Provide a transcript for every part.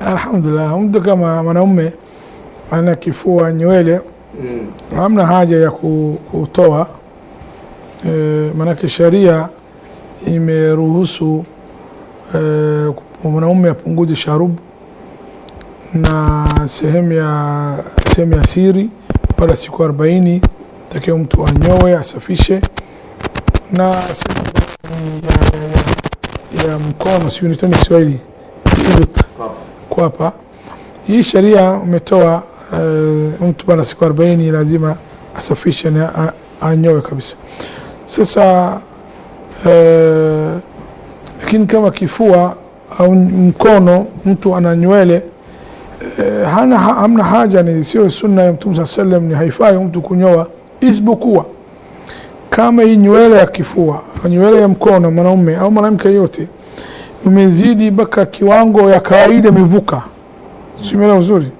Alhamdulillah, mtu kama mwanaume ana kifua nywele mm. hamna haja ya kutoa e, maanake sharia imeruhusu e, mwanaume apunguze sharubu na sehemu ya sehemu ya siri baada siku arobaini takiwa mtu anyowe asafishe na ya, ya, ya mkono siunitoni Kiswahili kwa hapa hii sheria umetoa uh, mtu bana siku 40 lazima asafishe na anyowe kabisa. Sasa uh, lakini kama kifua au mkono mtu ana nywele uh, hana hamna haja, ni sio sunna ya Mtume saa sallam, ni haifai mtu kunyoa isipokuwa kama hii nywele ya kifua, nywele ya mkono, mwanaume au mwanamke yote imezidi mpaka kiwango ya kawaida, imevuka simela uzuri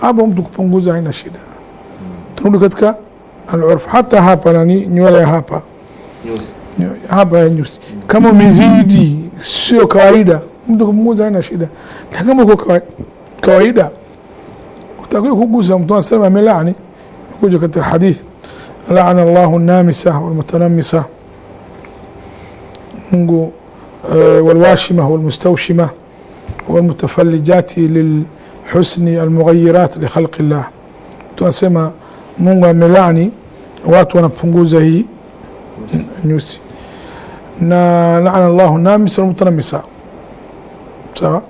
hapo, mtu kupunguza haina shida. Turudi katika alurf, hata hapa nani nywele ya hapa hapa ya nyusi, kama umezidi sio kawaida, mtu kupunguza haina shida, lakini kama uko kawaida utakiwa kugusa. Mtu anasema amelaani, kuja katika hadith laana Allahu namisa walmutanamisa, Mungu والواشمة والمستوشمة والمتفلجات للحسن المغيرات لخلق الله tunasema Mungu amelani watu wanapunguza hii nyusi na laana llahu namisa walmutanamisa sawa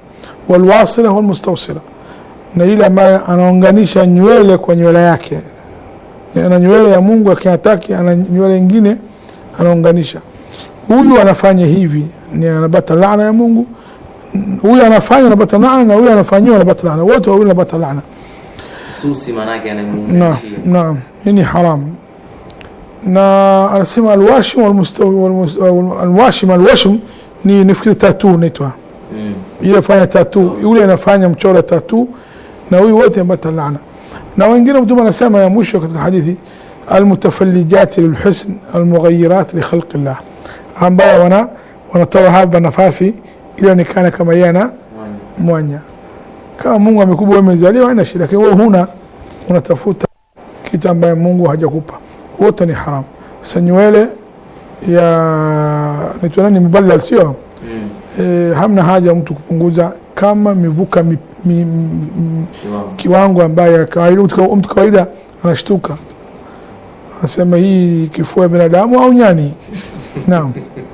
walwasila walmustawsila na yule ambaye anaunganisha nywele kwa nywele yake ana nywele ya Mungu akiataki ana nywele ingine anaunganisha huyu anafanya hivi ni anapata laana ya Mungu, huyu anafanya anapata laana, na huyu anafanyiwa anapata laana, wote wawili anapata laana. Susi manake anamuunganisha. Naam, ni haramu. Na anasema alwashim alwashim, alwashim ni nifikiri tatu naitwa mm. Yule fanya tatu, yule anafanya mchoro tatu, na huyu wote anapata laana. Na wengine mtume anasema ya mwisho katika hadithi almutafallijat lilhusn almughayirat likhilqillah ambao wana wanatoa hapa nafasi ilionekana kama yeye ana mwanya. Kama Mungu amekubwa, umezaliwa, haina shida, lakini wewe huna, unatafuta kitu ambaye Mungu hajakupa, wote ni haramu. Sasa nywele ya nitwa nani mbalal, sio mm. E, hamna haja mtu kupunguza kama mivuka mi, mi, mi, kiwango ambaye kawaida mtu kawaida anashtuka, anasema hii kifua ya binadamu au nyani No.